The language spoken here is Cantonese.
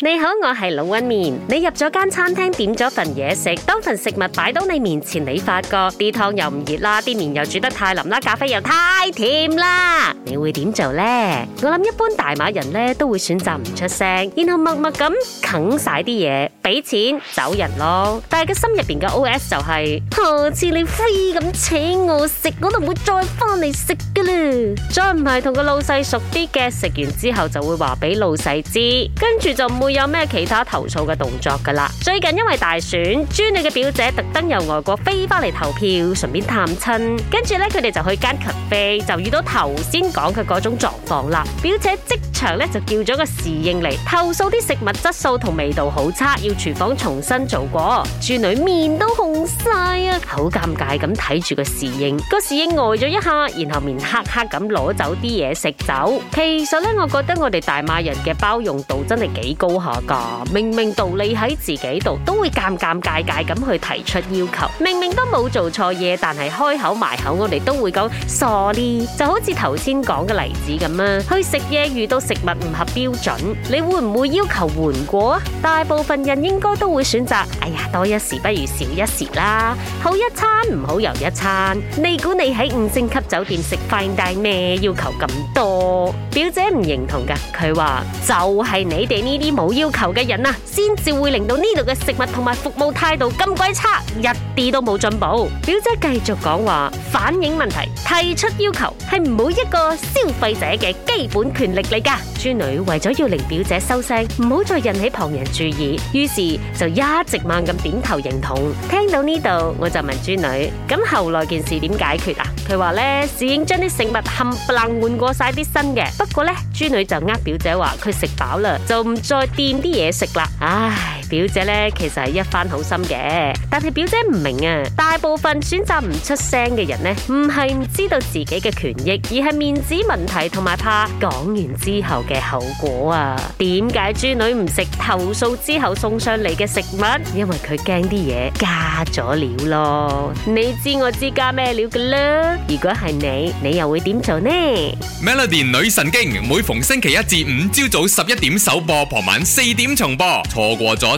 你好，我係龍紋敏。你入咗間餐廳，點咗份嘢食，當份食物擺到你面前，你發覺啲湯又唔熱啦，啲麵又煮得太腍啦，咖啡又太甜啦，你會點做呢？我諗一般大碼人咧都會選擇唔出聲，然後默默咁啃晒啲嘢，俾錢走人咯。但係個心入邊嘅 O S 就係下次你飛咁請我食，我都唔會再翻嚟食噶啦。再唔係同個老細熟啲嘅，食完之後就會話俾老細知，跟住就冇。會有咩其他投訴嘅動作噶啦？最近因為大選，豬女嘅表姐特登由外國飛翻嚟投票，順便探親，跟住咧佢哋就去間咖啡，就遇到頭先講嘅嗰種狀況啦。表姐即場咧就叫咗個侍應嚟投訴啲食物質素同味道好差，要廚房重新做過。豬女面都紅晒啊，好尷尬咁睇住個侍應，個侍應呆咗一下，然後面黑黑咁攞走啲嘢食走。其實咧，我覺得我哋大馬人嘅包容度真係幾高。下噶，明明道理喺自己度，都會尷尷尬尬咁去提出要求。明明都冇做錯嘢，但係開口埋口，我哋都會講 sorry，就好似頭先講嘅例子咁啊，去食嘢遇到食物唔合標準，你會唔會要求換過啊？大部分人應該都會選擇，哎呀，多一事不如少一事啦，好一餐唔好又一餐。你估你喺五星級酒店食 fine dining 咩，要求咁多？表姐唔認同噶，佢話就係你哋呢啲冇。冇要求嘅人啊，先至會令到呢度嘅食物同埋服務態度咁鬼差，一啲都冇進步。表姐繼續講話，反映問題、提出要求，係每一個消費者嘅基本權利嚟噶。豬女為咗要令表姐收聲，唔好再引起旁人注意，於是就一直猛咁點頭認同。聽到呢度，我就問豬女：咁後來件事點解決啊？佢話咧，侍應將啲食物冚唪唥換過晒啲新嘅。不過咧，豬女就呃表姐話佢食飽啦，就唔再掂啲嘢食啦。唉。表姐咧，其實係一番好心嘅，但係表姐唔明啊。大部分選擇唔出聲嘅人呢，唔係唔知道自己嘅權益，而係面子問題同埋怕講完之後嘅後果啊。點解豬女唔食投訴之後送上嚟嘅食物？因為佢驚啲嘢加咗料咯。你知我知加咩料㗎喇？如果係你，你又會點做呢？Melody 女神經，每逢星期一至五朝早十一點首播，傍晚四點重播。錯過咗，